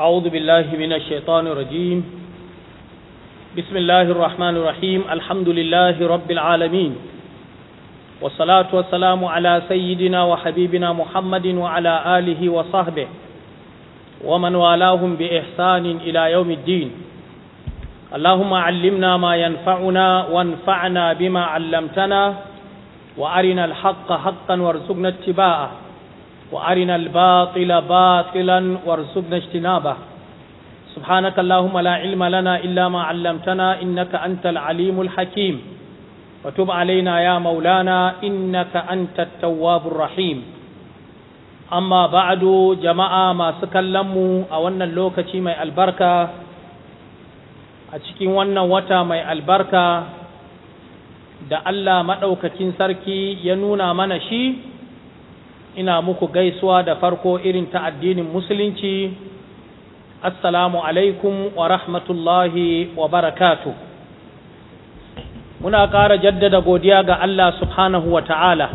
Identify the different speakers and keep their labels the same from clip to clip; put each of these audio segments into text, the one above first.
Speaker 1: أعوذ بالله من الشيطان الرجيم بسم الله الرحمن الرحيم الحمد لله رب العالمين والصلاة والسلام على سيدنا وحبيبنا محمد وعلى آله وصحبه ومن والاهم بإحسان إلى يوم الدين اللهم علمنا ما ينفعنا وانفعنا بما علمتنا وأرنا الحق حقا وارزقنا اتباعه وأرنا الباطل باطلا وارزقنا اجتنابه سبحانك اللهم لا علم لنا إلا ما علمتنا إنك أنت العليم الحكيم وتب علينا يا مولانا إنك أنت التواب الرحيم أما بعد جماعة ما سكلموا أولنا اللوكة مي البركة أتشكي ونا وتا مي البركة da Allah maɗaukakin sarki ya nuna mana shi ina muku gaisuwa da farko irin ta addinin musulunci assalamu alaikum wa rahmatullahi wa barakatu muna ƙara jaddada godiya ga Allah subhanahu wa ta'ala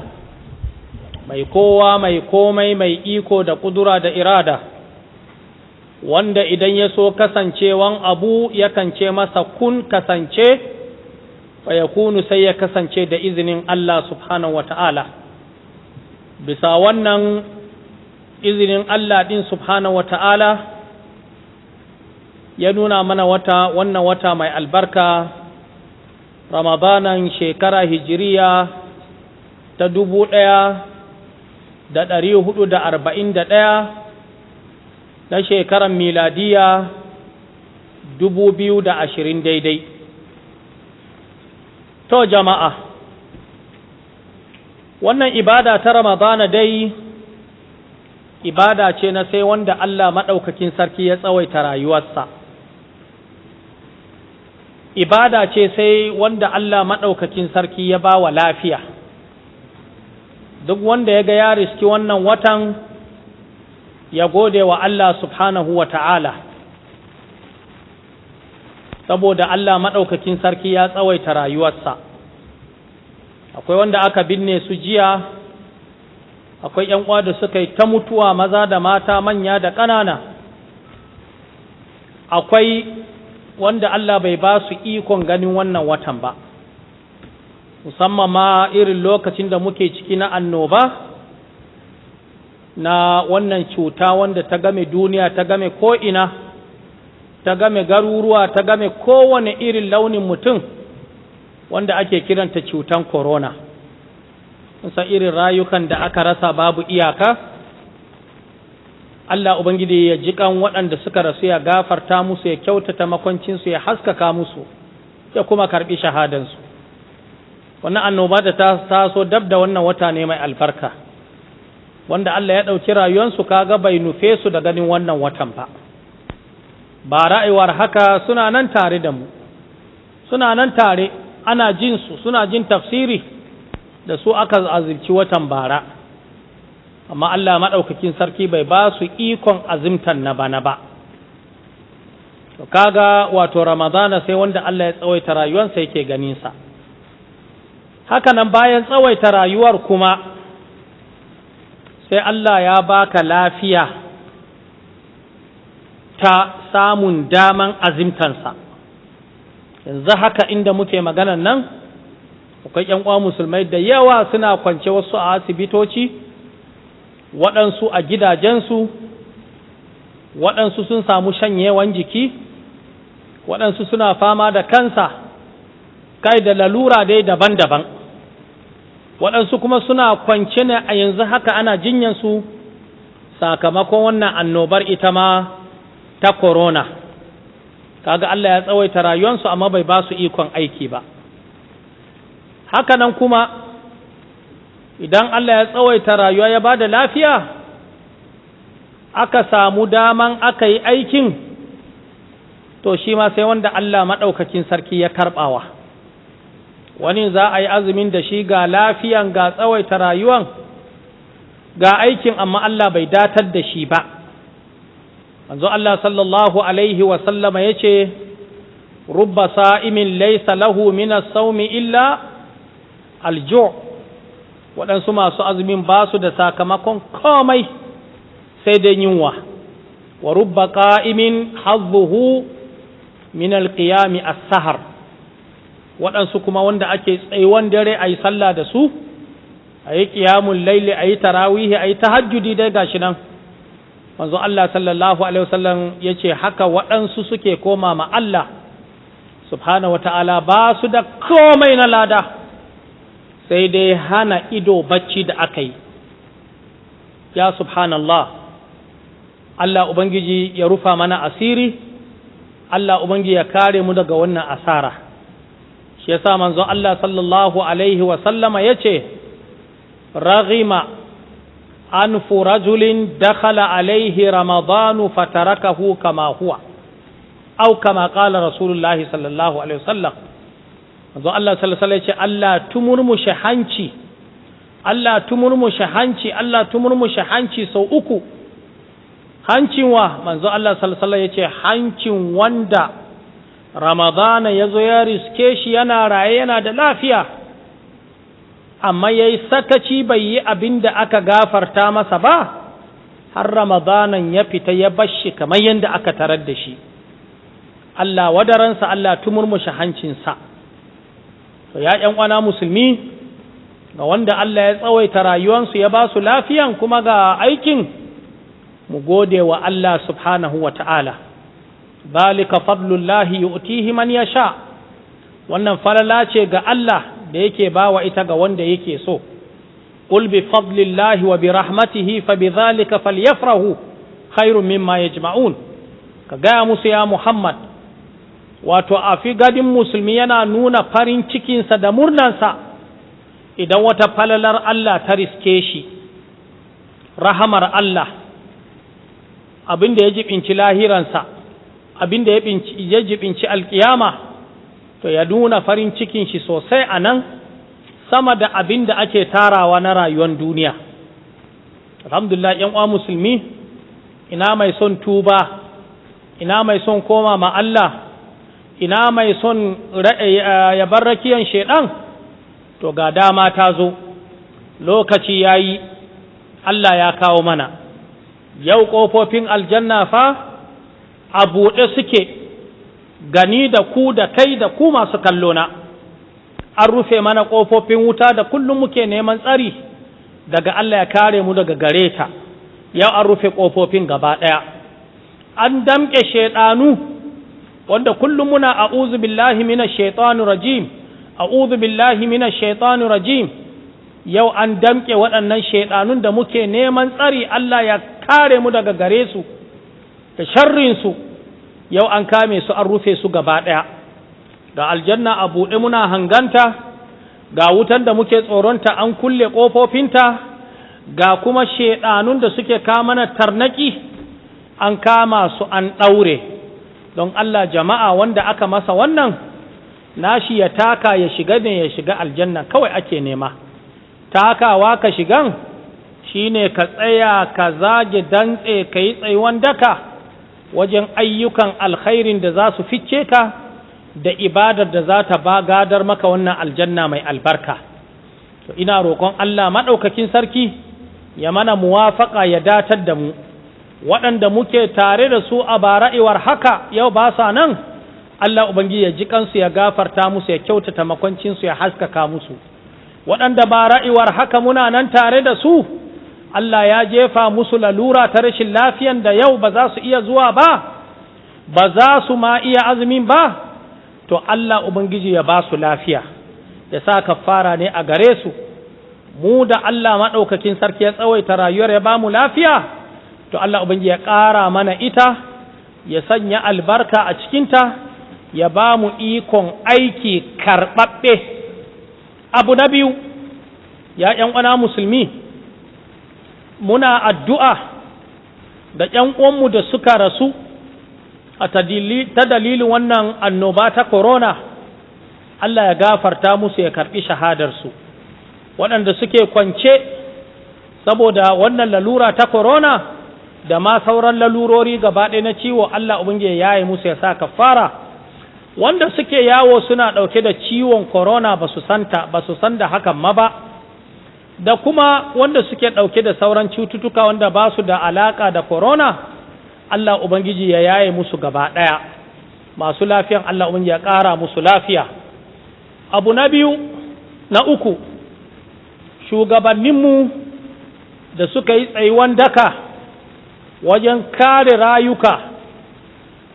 Speaker 1: mai kowa mai komai mai iko da ƙudura da irada wanda idan ya so kasancewan abu yakan ce masa kun kasance fa ya kunu sai ya kasance da izinin Allah subhanahu wa ta'ala bisa wannan izinin Allah din subhanahu wata'ala ya nuna mana wata wannan wata mai albarka ramadanan shekara hijiriya ta dubu ɗaya da ɗari hudu da arba'in da ɗaya na shekaran miladiya dubu biyu da ashirin daidai to jama'a wannan ibada ta ramadana dai ibada ce na sai wanda Allah maɗaukakin sarki ya tsawaita rayuwarsa ibada ce sai wanda Allah maɗaukakin sarki ya ba wa lafiya duk wanda ya ga ya riski wannan watan ya gode wa Allah subhanahu wa ta'ala saboda Allah maɗaukakin sarki ya tsawaita rayuwarsa akwai wanda aka binne su jiya akwai yan uwa da suka yi ta mutuwa maza da mata manya da ƙanana akwai wanda Allah bai ba su ikon ganin wannan watan ba musamman ma irin lokacin da muke ciki na annoba na wannan cuta wanda ta game duniya ta game ko'ina ta game garuruwa ta game kowane irin launin mutum wanda ake kiranta cutan corona san irin rayukan da aka rasa babu iyaka Allah Ubangiji ya jiƙan waɗanda suka rasu ya gafarta musu ya kyautata makwancinsu ya haskaka musu ya kuma karɓi shahadansu wannan annoba da ta taso dab da wannan wata ne mai albarka wanda Allah ya ɗauki rayuwarsu kaga bai nufe su da ganin wannan watan ba ba ra'ayuwar haka suna nan tare da mu suna nan tare ana jin su suna jin tafsiri da su aka azirci watan bara amma Allah maɗaukakin sarki bai ba su ikon azimtan na bana ba to kaga wato ramadana sai wanda Allah ya tsawaita rayuwarsa yake ganinsa hakanan bayan tsawaita rayuwar kuma sai Allah ya baka lafiya ta samun daman azimtansa yanzu haka inda muke maganan nan akwai ƴan uwa musulmai da yawa suna kwance wasu a asibitoci waɗansu a gidajensu waɗansu sun samu shanyewan jiki waɗansu suna fama da kansa kai da lalura dai daban-daban waɗansu kuma suna kwance ne a yanzu haka ana jinyansu sakamakon wannan annobar ita ma ta korona. kaga Allah ya tsawaita rayuwarsu amma bai ba su ikon aiki ba haka nan kuma idan Allah ya tsawaita rayuwa ya ba da lafiya aka samu daman aka yi aikin to shi ma sai wanda Allah maɗaukakin sarki ya karɓawa wani za a yi azumin da shi ga lafiyan ga tsawaita rayuwan ga aikin amma Allah bai datar da shi ba manzo Allah sallallahu alaihi wa sallama yace rubba sa'imin laisa lahu min as-sawmi illa al-ju' waɗansu masu azumin ba su da sakamakon komai sai dai yunwa wa rubba qa'imin hazzuhu min al-qiyami as-sahar waɗansu kuma wanda ake tsaiwan dare ayi sallah da su ayi qiyamul a ayi tarawihi ayi tahajjudi dai gashi nan manzo Allah sallallahu alaihi wasallam yace haka waɗansu suke koma ma Allah subhanahu wata'ala ba su da komai na lada sai dai hana ido bacci da aka yi ya subhanallah Allah ubangiji ya rufa mana asiri Allah ubangiji ya kare mu daga wannan asara shi yasa manzo Allah sallallahu alaihi wasallama yace raghima أنف رجل دخل عليه رمضان فتركه كما هو أو كما قال رسول الله صلى الله عليه وسلم manzo Allah sallallahu alaihi wasallam Allah tumurmushi hanci Allah tumurmushi hanci Allah tumurmushi hanci sau uku hancin wa manzo Allah sallallahu alaihi wasallam hancin wanda Ramadana ya zo ya riske shi yana raye yana da lafiya amma yayi yi sakaci bai yi abin da aka gafarta masa ba har ramadanan ya fita ya bashi kamar yadda aka tarar da shi Allah wadaransa Allah tumurmushi hancinsa to ya ƴan uwana musulmi ga wanda Allah ya tsawaita rayuwansu ya ba su lafiyan kuma ga aikin mu gode wa Allah subhanahu wa ta'ala balika fadlullahi yu'tihi man yasha wannan falala ce ga Allah da yake bawa ita ga wanda yake so qul bi fadlillahi wa bi rahmatihi fa bi dhalika falyafrahu khairun mimma yajma'un ka gaya musu ya muhammad wato a gadin musulmi yana nuna farin cikinsa da murnansa idan wata falalar allah ta riske shi rahamar allah abin da ya jibinci lahiransa abin da ya jibinci alkiyama to ya nuna farin cikin shi sosai a nan sama da abin da ake tarawa na rayuwar duniya alhamdulillah yan uwa musulmi ina mai son tuba ina mai son koma ma Allah ina mai son eh, ya bar rakiyan shedan to ga dama ta zo lokaci ya yi, Allah ya kawo mana yau ƙofofin aljanna fa a buɗe suke gani da ku da kai da ku masu kallona an rufe mana ƙofofin wuta da kullum muke neman tsari daga Allah ya kare mu daga gare ta yau an rufe ƙofofin gaba ɗaya an damƙe shaiɗanu wanda kullum muna a'udhu billahi minash shaitanir rajim a'udhu billahi minash shaitanir rajim yau an damƙe waɗannan shaiɗanun da muke neman tsari Allah ya kare mu daga gare su da sharrin su yau an kame su an rufe su gaba ɗaya ga aljanna a buɗe muna hanganta ga wutan da muke tsoronta an kulle ƙofofinta ga kuma shaiɗanun da suke kamana tarnaki an kama su an ɗaure don Allah jama'a wanda aka masa wannan nashi ya taka ya shiga ne ya shiga aljanna kawai ake nema takawa ka shigan shine ka tsaya ka zage dantse ka yi tsaiwan daka wajen ayyukan alkhairin da za su fice ka da ibadar da za ta ba gadar maka wannan aljanna mai albarka to ina roƙon Allah maɗaukakin sarki ya mana muwafaƙa ya datar da mu waɗanda muke tare da su a bara'iwar haka yau ba sa nan Allah Ubangiji ya ji kansu ya gafarta musu ya kyautata makwancinsu ya haskaka musu waɗanda bara'iwar haka muna nan tare da su Allah ya jefa musu lalura ta rashin lafiyan da yau ba za su iya zuwa ba ba za su ma iya azumin ba to Allah ubangiji ya ba su lafiya ya sa kafara ne a gare su mu da Allah maɗaukakin sarki ya tsawaita rayuwar ya ba mu lafiya to Allah ubangiji ya ƙara mana ita ya sanya albarka a cikinta ya ba mu ikon aiki karɓaɓɓe abu na biyu ya ’yan musulmi muna addu'a da ‘yan uwanmu da suka rasu a ta dalilin wannan annoba ta korona. Allah ya gafarta musu ya karɓi shahadarsu waɗanda suke kwance saboda wannan lalura ta korona, da ma sauran lalurori gaba ɗaya na ciwo Allah ubangiji ya yi musu ya sa kafara wanda suke yawo suna ɗauke da ciwon korona corona ba su san da hakan ma ba da kuma wanda suke ɗauke da sauran cututtuka wanda ba su da alaƙa da korona, Allah Ubangiji ya yaye musu gaba ɗaya masu lafiyan Allah Ubangiji ya ƙara musu lafiya abu na biyu na uku shugabanninmu da suka yi tsayuwan daka wajen kare rayuka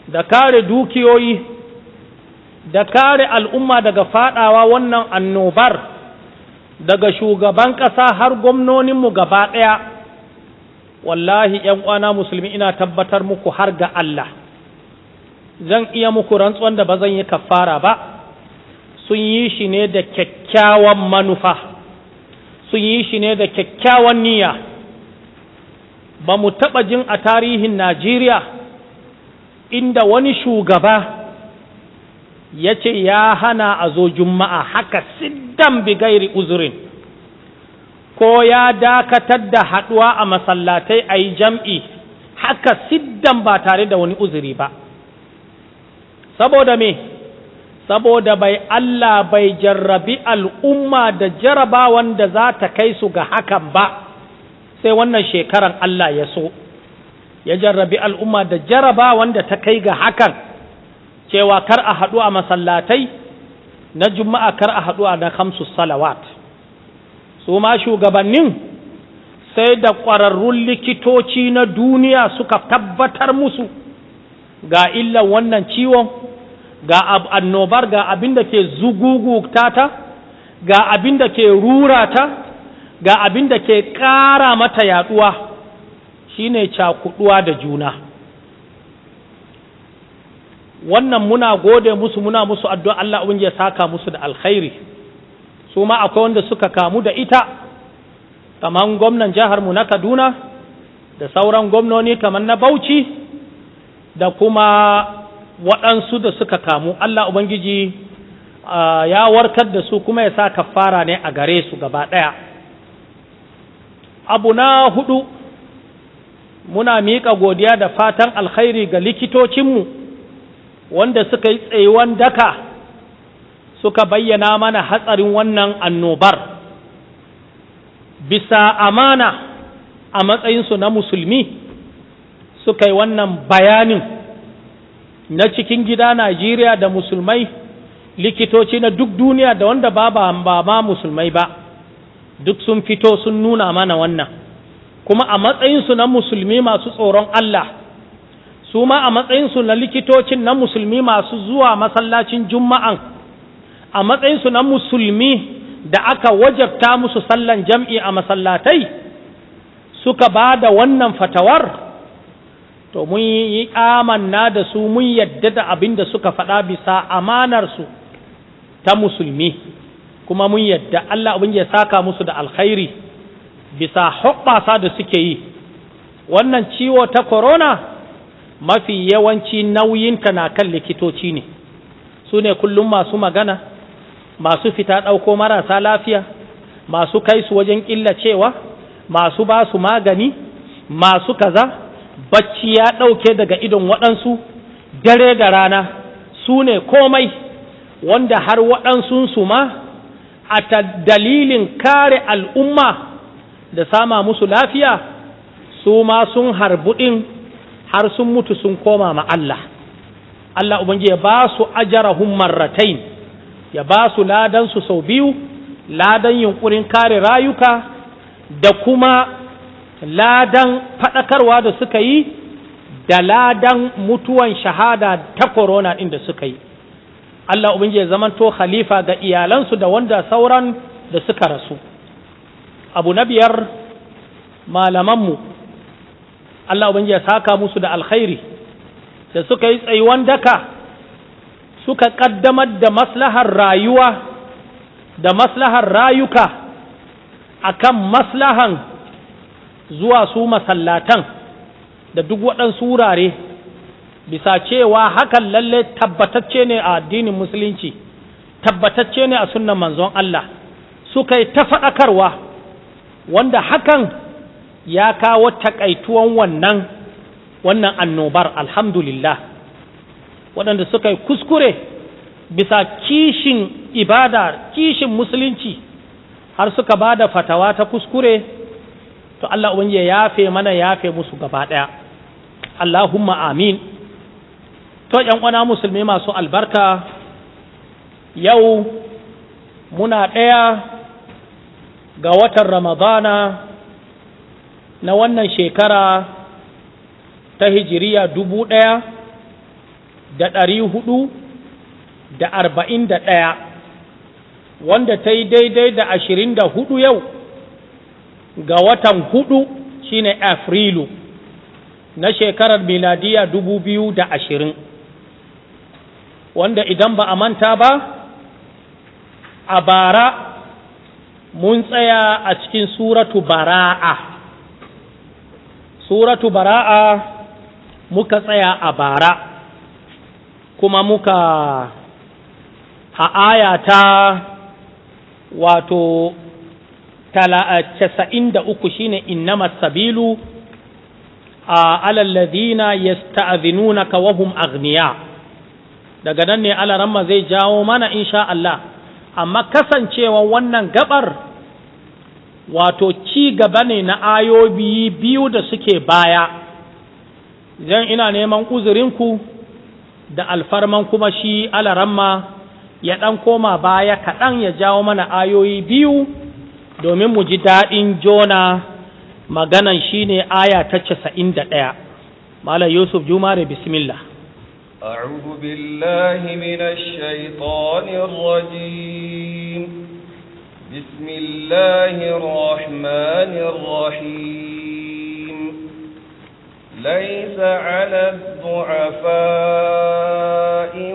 Speaker 1: da kare dukiyoyi da kare al'umma daga faɗawa wannan annobar daga shugaban ƙasa har gwamnoninmu gaba ɗaya wallahi ‘yan uwana musulmi ina tabbatar muku har ga Allah zan iya muku rantsuwan da ba zan yi kafara ba sun yi shi ne da kyakkyawan manufa sun yi shi ne da kyakkyawan niyya ba mu taɓa jin a tarihin Najeriya inda wani shugaba ya ce ya hana a zo juma'a haka siddan bigairi uzurin ko ya dakatar da haɗuwa a masallatai a yi jam'i haka siddan ba tare da wani uzuri ba saboda me saboda bai Allah bai jarrabi al'umma da jarabawan da za ta kai su ga hakan ba sai wannan shekaran Allah ya so ya jarrabi al'umma da jarabawan da ta kai ga hakan cewa kar a haɗu a masallatai na juma'a kar a haɗu a na kamsu salawat su ma shugabannin sai da ƙwararrun likitoci na duniya suka tabbatar musu ga illan wannan ciwon ga annobar ga abin da ke zugugugta ta ga abin da ke rura ta ga abin da ke ƙara mata yaɗuwa shine cakuɗuwa da juna wannan muna gode musu muna musu addu'a Allah ubangiji ya saka musu da alkhairi su ma akwai wanda suka kamu da ita kaman gwamnan jihar mu na Kaduna da sauran gwamnoni kaman na Bauchi da kuma waɗansu da suka kamu Allah ubangiji ya warkar da su kuma ya sa kafara ne a gare su gaba ɗaya abu na hudu muna miƙa godiya da fatan alkhairi ga likitocinmu wanda suka yi tsayuwan daka suka bayyana mana hatsarin wannan annobar bisa amana a matsayinsu na musulmi suka yi wannan bayanin na cikin gida Najeriya da musulmai likitoci na duk duniya da wanda ba ba ma musulmai ba duk sun fito sun nuna mana wannan kuma a matsayinsu na musulmi masu tsoron Allah su ma a matsayinsu na likitocin na musulmi masu zuwa masallacin juma'an a matsayinsu na musulmi da aka wajabta musu sallan jam'i a masallatai suka ba da wannan fatawar to mun yi amanna da su mun yadda da abin da suka faɗa bisa amanarsu ta musulmi kuma mun yadda Allah abin ya saka musu da alkhairi bisa hoɓɓasa da suke yi wannan ciwo ta corona mafi yawanci nauyinta na kan likitoci ne su ne kullum masu magana masu fita ɗauko marasa lafiya masu kai su wajen cewa masu ba su magani masu kaza bacci ya ɗauke daga idon waɗansu dare da rana su ne komai wanda har su ma a ta dalilin kare al'umma da sama musu lafiya su ma sun harbuɗin har sun mutu sun koma ma Allah Allah ubangiji ya ba su ajarahum marratain ya ba su ladan su sau biyu ladan yunkurin kare rayuka da kuma ladan faɗakarwa da suka yi da ladan mutuwan shahada ta corona ɗin da suka yi Allah ubangiji ya zamanto khalifa ga iyalansu da wanda sauran da suka rasu abu na biyar malamanmu Allah ubangiji ya saka musu da alkhairi da suka yi tsayuwan daka suka kaddamar da maslahar rayuwa da maslahar rayuka akan maslahan zuwa su masallatan da duk waɗansu wurare bisa cewa hakan lalle tabbatacce ne a addinin musulunci tabbatacce ne a sunnan manzon Allah suka yi ta faɗakarwa wanda hakan ya kawo takaituwan wannan wannan annobar alhamdulillah waɗanda suka yi kuskure bisa kishin ibada kishin musulunci har suka ba da fatawa ta kuskure to Allah ya yafe mana yafe musu gaba ɗaya Allahumma amin to ‘yan uwana musulmi masu albarka yau muna ɗaya ga watan ramadana na wannan shekara ta hijiriya dubu ɗaya da ɗari hudu da arba'in da ɗaya wanda ta yi daidai da ashirin da hudu yau ga watan hudu shine afrilu na shekarar miladiya dubu biyu da ashirin wanda idan ba a manta ba a bara mun tsaya a cikin suratu bara'a suratu bara'a muka tsaya a bara kuma muka a aya ta wato casa'in da uku shine innama sabilu a alalladina yasta'adhinunaka wa kawahun agniya. daga nan ne alaramma zai jawo mana insha Allah amma kasancewa wannan gabar wato ci gaba ne na ayobi biyu da suke baya zan ina neman uzurinku da alfarman kuma shi alaramma ya ɗan koma baya kaɗan ya jawo mana ayoyi biyu domin mu ji daɗin jona maganan shine aya ta casa'in da ɗaya malam yusuf jumare bismillah
Speaker 2: أعوذ بالله من الشيطان الرجيم بسم الله الرحمن الرحيم ليس على الضعفاء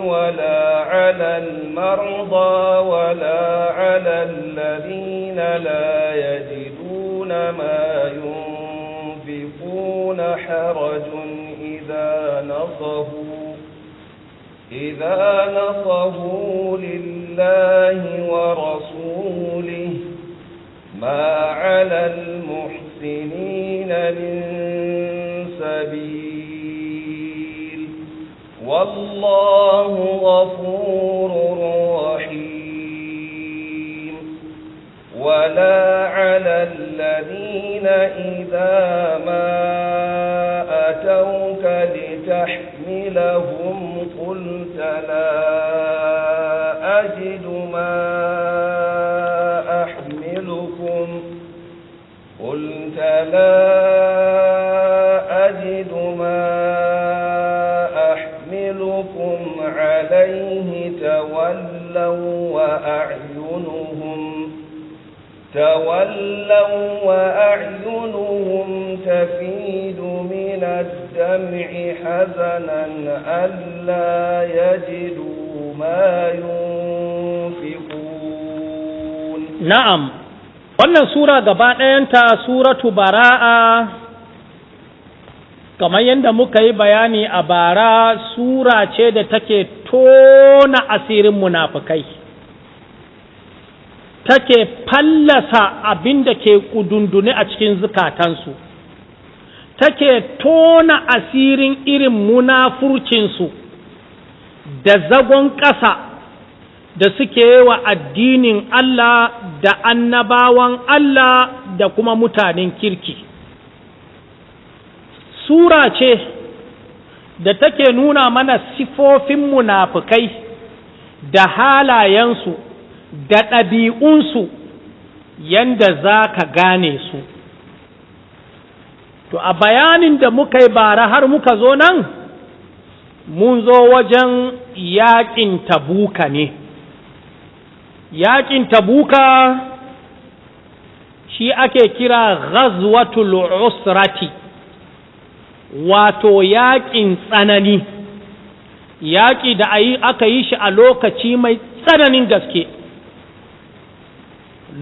Speaker 2: ولا على المرضى ولا على الذين لا يجدون ما ينفقون حرج إذا نصبوا إذا نصروا لله ورسوله ما على المحسنين من سبيل والله غفور رحيم ولا على الذين إذا ما لتحملهم قلت لا أجد ما أحملكم قلت لا أجد ما أحملكم عليه تولوا وأعينهم تولوا وأعينهم تفيد الجمع حزنا ألا يجدوا ما ينفقون
Speaker 1: نعم wannan sura gaba ɗayanta suratu bara'a kamar yadda muka yi bayani a bara sura ce da take tona asirin munafukai take fallasa abin da ke ƙudundune a cikin zukatansu take tona asirin irin munafurcinsu da zagon ƙasa da suke wa addinin Allah da annabawan Allah da kuma mutanen kirki. Sura ce da take nuna mana sifofin munafukai da halayensu da ɗabi'unsu yanda za ka gane su. to a bayanin da muka yi bara har muka zo nan mun zo wajen yaƙin tabuka ne yaƙin tabuka shi ake kira ghazwatul usrati wato yaƙin tsanani yaƙi da aka yi shi a lokaci mai tsananin gaske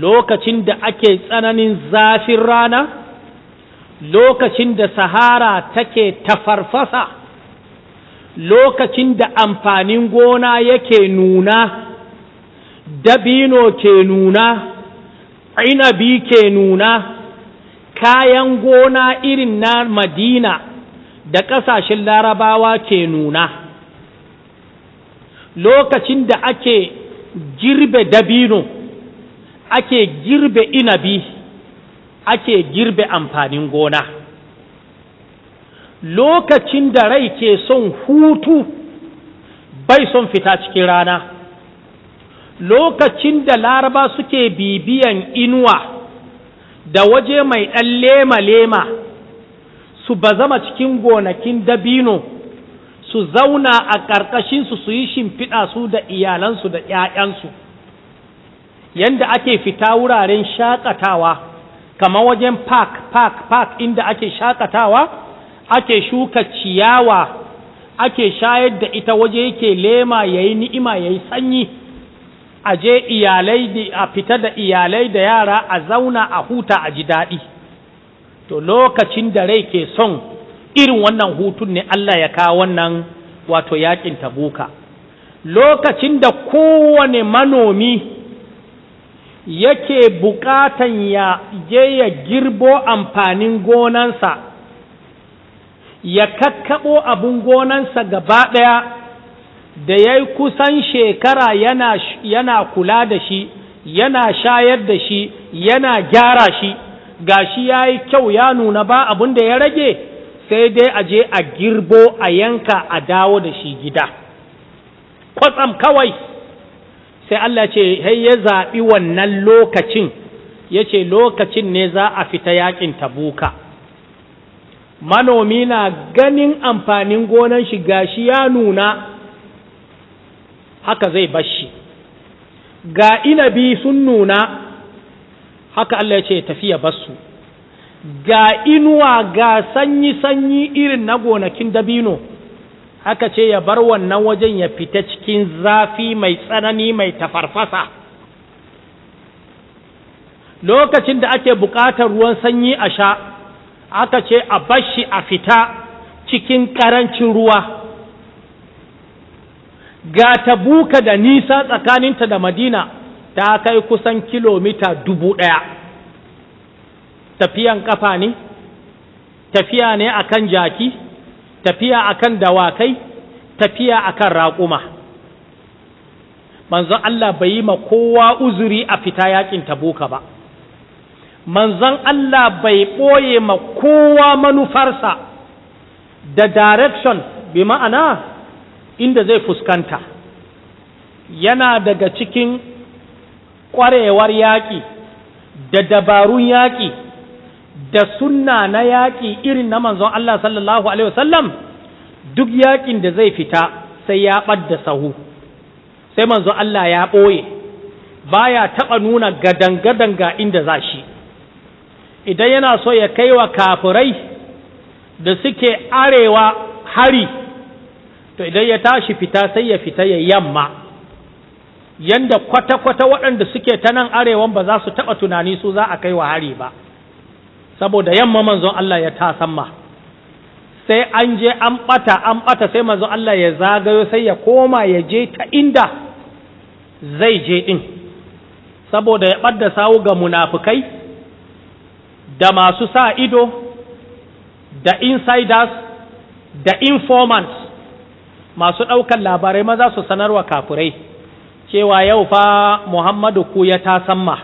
Speaker 1: lokacin da ake tsananin zafin rana lokacin da sahara take tafarfasa lokacin da amfanin gona yake nuna dabino ke nuna inabi ke nuna kayan gona irin na madina da ƙasashen larabawa ke nuna lokacin da ake girbe dabino ake girbe inabi ake girbe amfanin gona lokacin da rai ke son hutu bai son fita cikin rana lokacin da laraba suke bibiyan inuwa da waje mai ɗan lema-lema su ba zama cikin gonakin dabino su zauna a ƙarƙashinsu su yi shimfiɗa su da iyalansu da ‘ya'yansu yadda ake fita wuraren shaƙatawa kamar wajen park park park inda ake shakatawa ake shuka ciyawa ake shayar da ita waje yake lema yayi ni'ima yayi sanyi aje je iyalai a fita da iyalai da yara a zauna a huta a ji daɗi to lokacin da rai ke son irin wannan hutun ne Allah ya kawo wannan wato yakin tabuka lokacin da kowane manomi yake buƙatan ya je ya girbo amfanin gonansa ya kakkaɓo abin gonansa gaba ɗaya da ya yi kusan shekara yana, yana kula da shi yana shayar da shi yana gyara shi gashi ya yi kyau ya nuna ba abin da ya rage sai dai a je a girbo a yanka a dawo da shi gida kwatsam kawai sai Allah ce hai ya zaɓi wannan lokacin ya ce lokacin ne za a fita yaƙin tabuka manomi na ganin amfanin gonan shi gashi ya nuna haka zai bashi ga inabi sun nuna haka Allah ya ce tafiya basu ga inuwa ga sanyi-sanyi irin na gonakin dabino aka ce ya bar wannan wajen ya fita cikin zafi mai tsanani mai tafarfasa lokacin da ake buƙatar ruwan sanyi a sha aka ce a bashi a fita cikin ƙarancin ruwa ga buka da nisa tsakaninta da madina ta kai kusan kilomita dubu ɗaya tafiyan ƙafa ne tafiya ne a kan jaki tafiya akan dawakai tafiya akan raƙuma manzon Allah bai yi ma kowa uzuri a fita yakin tabuka ba manzon Allah bai ɓoye ma kowa manufarsa da direction bi ma'ana inda zai fuskanta yana daga cikin ƙwarewar yaƙi da dabarun yaƙi da sunna na yaƙi irin na manzon Allah sallallahu alaihi wasallam duk yaƙin da zai fita sai ya ɓadda sahu sai manzon Allah ya ɓoye ba ya taɓa nuna gadan-gadan ga inda za shi idan yana so ya kai wa kafirai da suke arewa hari to idan ya tashi fita sai ya fita ya yamma yanda kwata-kwata waɗanda suke ta nan arewan ba za su taɓa tunani su za a kai wa hari ba saboda yamma manzon Allah ya ta samma sai an je an bata an bata sai manzon Allah ya zagayo sai ya koma ya je ta inda zai je din saboda ya ɓadda sawu ga munafukai da masu sa ido da insiders da informants masu ɗaukan labarai maza su sanarwa kafurai cewa yau fa muhammadu ku ya ta samma,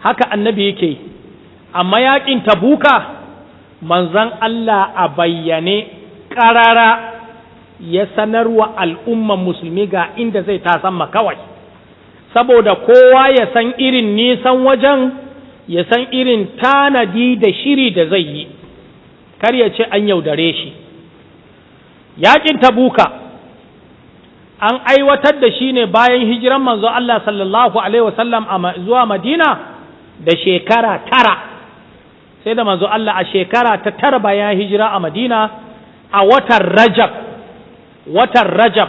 Speaker 1: haka annabi yake yi amma yakin tabuka manzan Allah a bayyane ƙarara ya sanarwa al'umman musulmi ga inda zai tasamma kawai saboda kowa ya san irin nisan wajen ya san irin tanadi da shiri da zai yi kar ya ce an yaudare shi yakin tabuka an aiwatar da shi ne bayan hijiran manzo Allah sallallahu alaihi wasallam zuwa madina da shekara tara sai da manzo Allah a shekara ta tara bayan hijira a Madina a watan Rajab watan Rajab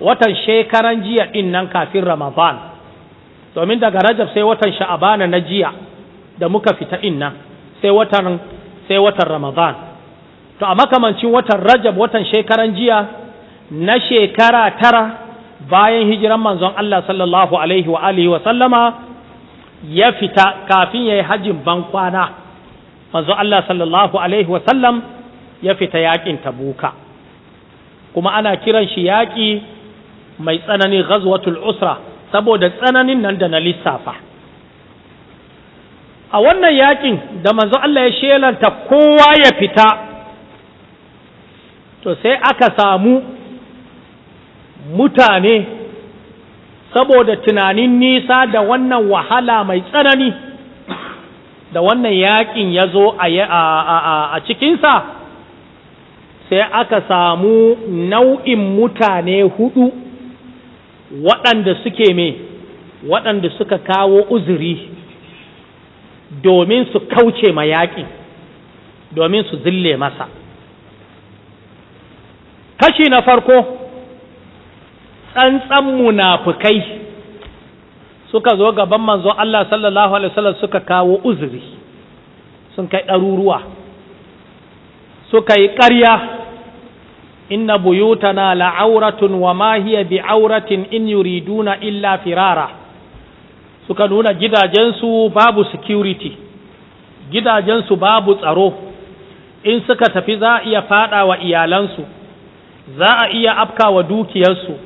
Speaker 1: watan shekaran jiya din nan kafin Ramadan domin daga Rajab sai watan Sha'abana na jiya da muka fita din nan sai watan sai watan Ramadan to a makamancin watan Rajab watan shekaran jiya na shekara tara bayan hijiran manzon Allah sallallahu alaihi wa alihi wa sallama ya fita kafin yayi hajjin ban kwana manzo Allah sallallahu alaihi wasallam ya fita ta tabuka kuma ana kiran shi yaƙi mai tsananin ghazwatul usra saboda tsananin nan da na lissafa a wannan yaƙin da manzo Allah ya shelanta kowa ya fita to sai aka samu mutane saboda tunanin nisa da wannan wahala mai tsanani da wannan yakin ya zo a cikinsa sai aka samu nau'in mutane hudu waɗanda suke me waɗanda suka kawo uzuri domin su kauce ma yaƙin domin su zille masa kashi na farko tsantsan munafukai suka zo gaban manzon Allah sallallahu alaihi wasallam suka kawo uzuri sun kai ɗaruruwa suka yi ƙarya inna buyutana la'auratun wa ma hiya bi'auratin in yuriduna illa firara suka nuna gidajensu babu security gidajensu babu tsaro in suka tafi za a iya fada wa iyalansu za a iya afka wa dukiyarsu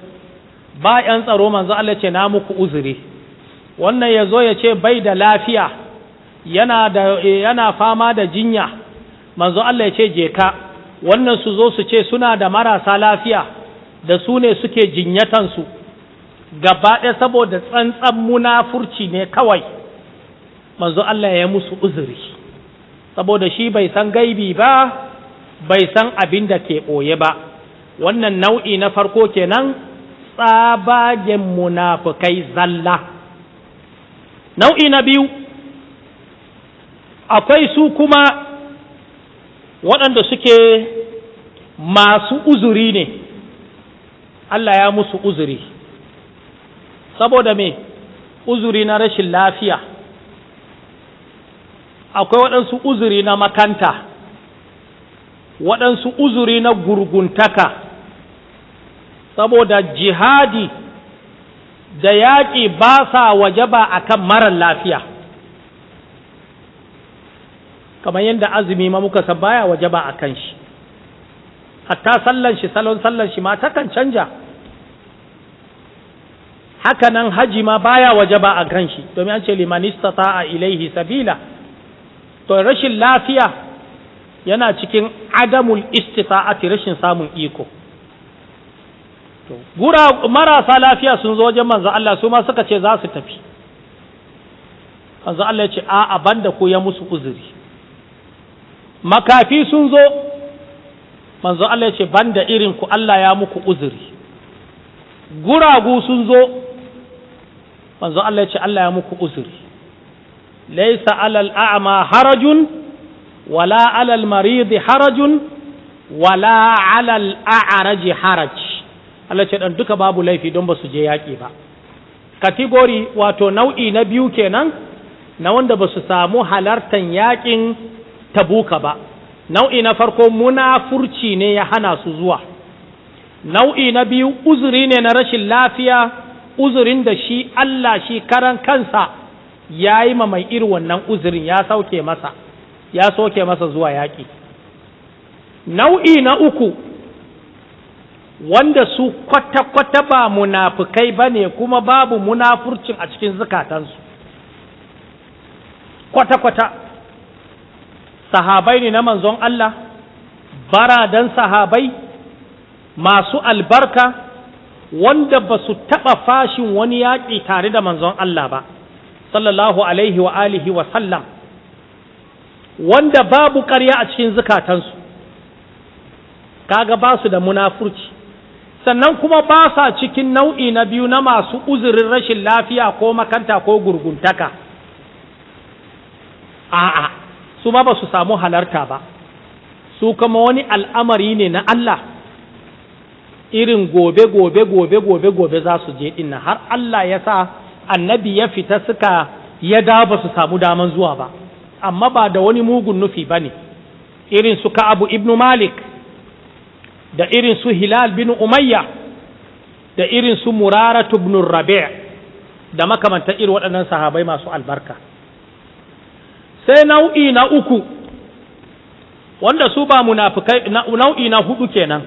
Speaker 1: ba 'yan tsaro manzo Allah ce na muku uzuri wannan ya zo ya ce bai da lafiya eh, yana fama da jinya manzo Allah ya ce je ka wannan su zo su ce suna da marasa lafiya da su ne suke su. gaba ɗaya saboda tsantsan munafurci ne kawai manzo Allah ya musu uzuri saboda shi bai san gaibi ba bai san abin da ke ɓoye ba wannan nau'i na farko kenan tsabagen munafukai zalla nau'i na biyu akwai su kuma waɗanda suke masu uzuri ne Allah ya musu uzuri saboda me uzuri na rashin lafiya akwai waɗansu uzuri na makanta waɗansu uzuri na gurguntaka saboda jihadi da yaƙi ba sa wajaba a kan marar lafiya kamar yadda azumi ma muka san baya wajaba a kan shi hatta sallan shi salon sallan shi ma takan canja haka nan haji ma baya wajaba a kan shi domin an ce limanista ta a ilaihi sabila to rashin lafiya yana cikin adamul istita'ati rashin samun iko to gura marasa lafiya sun zo wajen manzo Allah su ma suka ce za su tafi manzo Allah ya ce a a banda ku ya musu uzuri makafi sun zo manzo Allah ya ce banda irin ku Allah ya muku uzuri guragu sun zo manzo Allah ya ce Allah ya muku uzuri laysa alal a'ma harajun wala alal marid harajun wala alal a'raji haraj Allah ce dan duka babu laifi don ba su je yaƙi ba kategori wato nau'i na biyu kenan na wanda ba su samu halartan yaƙin tabuka ba nau'i na farko munafurci ne ya hana su zuwa nau'i na biyu uzuri ne na rashin lafiya uzurin da shi Allah shi karan kansa ya yi ma mai irin wannan uzurin ya sauke masa ya soke masa zuwa yaƙi nau'i na uku wanda su kwata-kwata ba munafukai ba ne kuma babu munafurcin a cikin zukatansu kwata-kwata sahabai ne na manzon Allah baradan sahabai masu albarka wanda ba su taɓa fashin wani yaƙi tare da manzon Allah ba sallallahu alaihi wa alihi wa sallam wanda babu ƙarya a cikin zukatansu kaga ba su da munafurci sannan kuma ba sa cikin nau'i na biyu na masu uzurin rashin lafiya ko makanta ko gurguntaka a'a su ba ba su samu halarta ba su kuma wani al'amari ne na Allah irin gobe gobe gobe gobe gobe za su je dinnan har Allah ya sa annabi ya fita suka ya da ba su samu daman zuwa ba amma ba da wani mugun nufi ba ne irin su Abu ibnu Malik da irin su hilal bin umayya da irin su muraratu bin rabi' da makamanta irin waɗannan sahabai masu albarka sai nau'i na uku wanda su ba munafikai nau'i na hudu kenan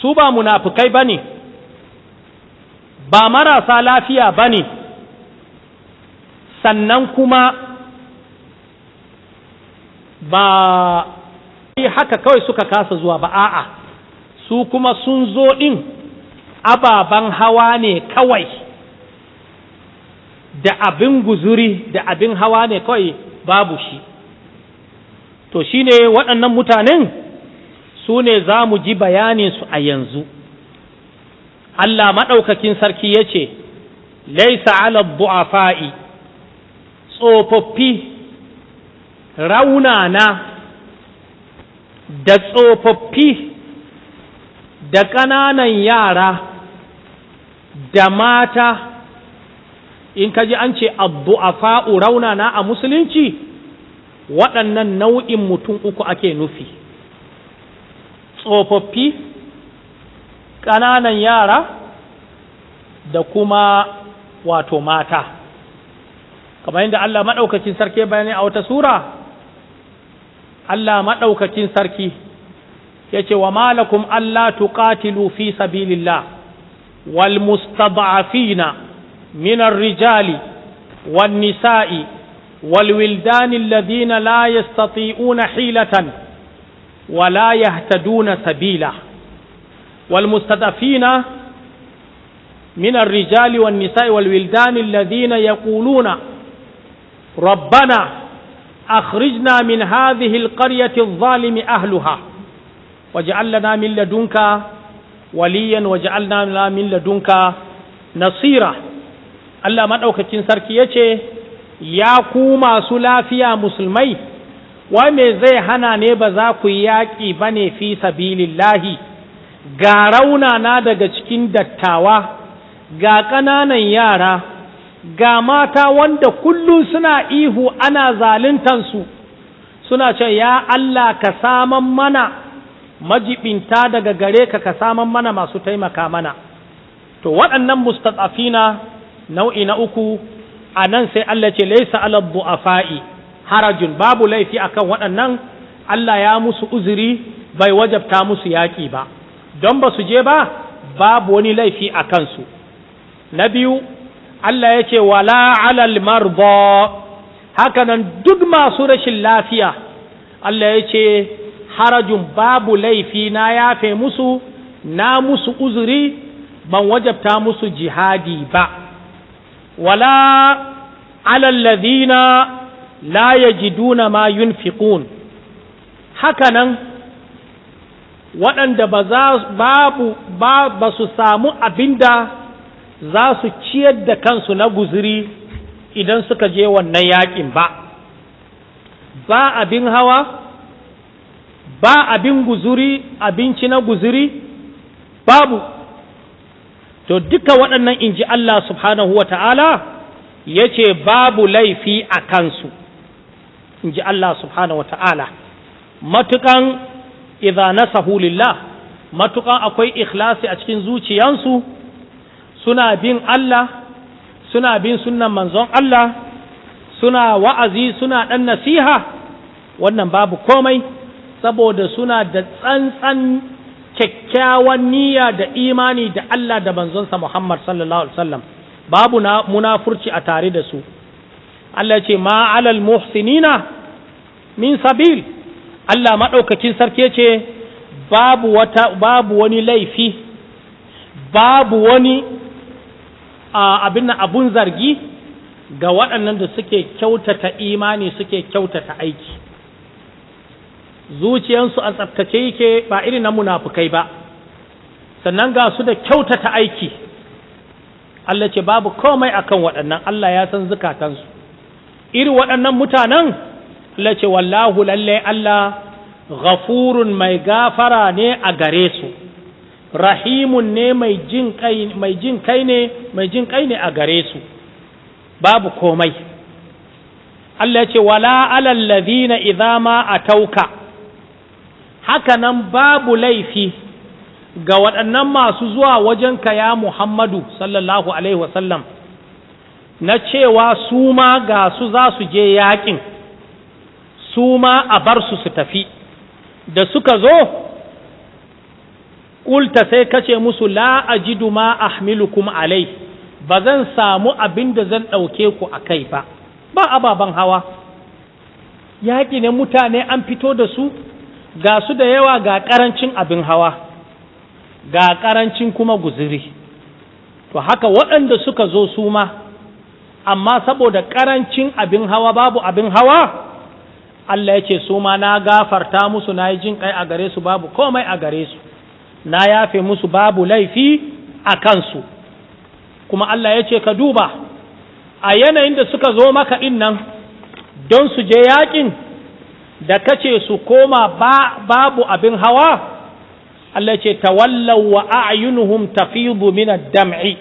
Speaker 1: su ba munafikai bane ba marasa lafiya bane sannan kuma ba haka kawai suka kasa zuwa ba a'a su kuma sun zo ɗin ababen hawa ne kawai da abin guzuri da abin hawa ne kawai babu shi to shi ne waɗannan mutanen su ne za mu ji su a yanzu Allah maɗaukakin sarki ya ce laisa ala bu'afa'i tsofaffi raunana da tsofaffi da ƙananan yara da mata in ka ji an ce abu rauna na a musulunci waɗannan nau'in mutum uku ake nufi tsofaffi ƙananan yara da kuma wato mata kamar yadda Allah maɗaukacin sarki bayani a wata sura Allah maɗaukacin sarki yace wa malakum alla tuqatilu fi sabilillah wal mustada'afina min ar-rijali wan nisa'i wal wildani alladhina la yastati'una hilatan wa la yahtaduna sabila wal mustad'afina من الرجال والنساء والولدان الذين يقولون ربنا أخرجنا من هذه القرية الظالم أهلها waj'al lana min ladunka waliyan waj'al lana min ladunka nasira Allah maɗaukacin sarki ce ya ku masu lafiya musulmai wa me zai hana ne ba za ku yi yaƙi ne fi sabilillahi ga raunana daga cikin dattawa ga ƙananan yara ga mata wanda kullum suna ihu ana su suna ce ya Allah ka saman mana majibinta daga gare ka ka saman mana masu taimaka mana to waɗannan mustatsafina nau'i na uku a nan sai Allah ce laisa ala du'afa'i harajun babu laifi akan waɗannan Allah ya musu uzuri bai wajabta musu yaƙi ba don ba su je ba babu wani laifi a kansu na biyu Allah ya ce wala alal marba hakanan duk masu rashin lafiya Allah ya ce harajun babu laifi na yafe musu na musu uzuri ban wajabta musu jihadi ba wala alalladhina la yajiduna ma yunfiqun hakanan waɗanda ba za babu ba, su samu abinda za su ciyar da kansu na guzuri idan suka je wannan yakin ba ba abin hawa ba abin guzuri abinci na guzuri babu to duka waɗannan in ji Allah subhanahu wa ta'ala ya ce babu laifi a kansu in ji Allah subhanahu wa ta'ala matukan idanasahu lillah matukan akwai ikhlasi a cikin zuciyansu suna bin Allah suna bin sunan manzon Allah suna wa'azi suna ɗan nasiha wannan babu komai saboda suna da tsantsan kyakkyawan niyya da imani da Allah da manzonsa Muhammad sallallahu alaihi wasallam babu munafurci a tare da su Allah ce ma alal muhsinina min sabil Allah maɗaukakin sarki ce babu wata babu wani laifi babu wani abin abun zargi ga waɗannan da suke kyautata imani suke kyautata aiki zuciyansu a tsaftace yake ba irin na munafukai ba sannan ga su da kyautata aiki Allah ce babu komai akan waɗannan Allah ya san zukatansu irin waɗannan mutanen Allah ce wallahu lalle Allah ghafurun mai gafara ne a gare su rahimun ne mai jin kai mai jin kai ne mai jin kai ne a gare su babu komai Allah ce wala alal ladina idza ma atauka haka nan babu laifi ga waɗannan masu zuwa wajenka ya Muhammadu sallallahu Alaihi wasallam na cewa su ma ga su za su je yaƙin su ma a bar su su tafi da suka zo ƙulta sai kace musu la ajidu ma ahmilukum alai ba zan samu abin da zan ɗauke ku a kai ba ba ababen hawa yaƙi ne mutane an fito da su ga su da yawa ga ƙarancin abin hawa ga ƙarancin kuma guziri to haka waɗanda suka zo su ma amma saboda ƙarancin abin hawa babu abin hawa Allah ya ce su ma na gafarta musu na yi jin kai a gare su babu komai a gare su na yafe musu babu laifi a kansu kuma Allah ya ce ka duba a yanayin da suka zo maka innan don su je yaƙin da kace su koma ba babu abin hawa Allah ce tawallaw wa a'yunuhum tafidu min ad-dam'i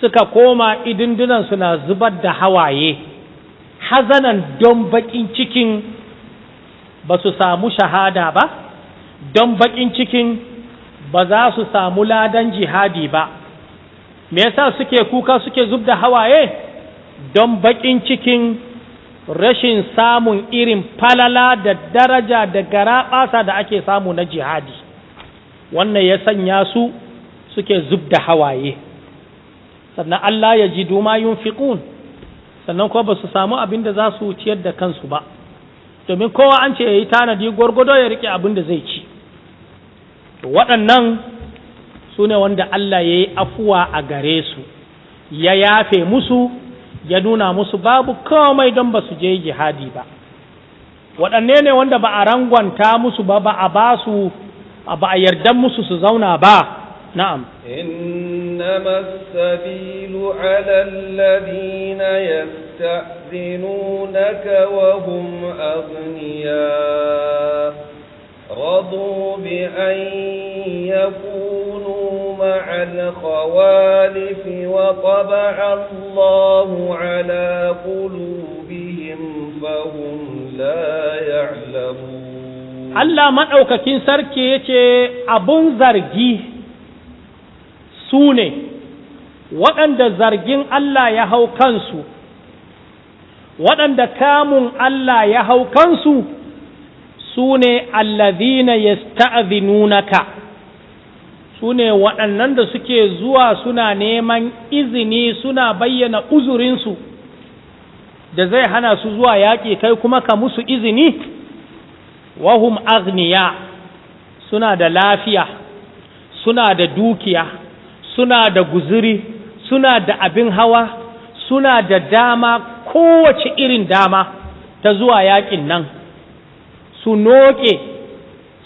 Speaker 1: suka koma idindunan suna zubar da hawaye hazanan don bakin cikin ba su samu shahada ba don bakin cikin ba za su samu ladan jihadi ba me yasa suke kuka suke zub da hawaye don bakin cikin rashin samun irin falala da daraja da garaɓasa da ake samu na jihadi wannan ya sanya su suke zub da hawaye sannan Allah ya ji duma yin fiƙun sannan kuma ba su samu abin da za su ciyar da kansu ba domin kowa an ce ya yi tanadi gwargwado ya riƙe abin da zai ci waɗannan su ne wanda Allah ya yi afuwa a gare su ya yafe musu ya nuna musu babu komai don ba su je jihadi ba waɗanne ne wanda ba a rangwanta musu ba ba a ba su ba a yarda musu su zauna ba na'am
Speaker 2: إنما السبيل على الذين يستأذنونك وهم أغنياء رضوا بأن يكونوا مع الخوالف وطبع الله على قلوبهم فهم لا يعلمون
Speaker 1: Allah maɗaukakin sarki ya ce abun zargi su ne waɗanda zargin Allah ya hau kansu waɗanda kamun Allah ya hau kansu su ne allazina yasta'zinunaka su ne waɗannan da suke zuwa suna neman izini suna bayyana uzurinsu da zai hana su zuwa yaƙi kai kuma ka musu izini wahum agniya suna da lafiya suna da dukiya suna da guziri suna da abin hawa suna da dama kowace irin dama ta zuwa yaƙin nan su noƙe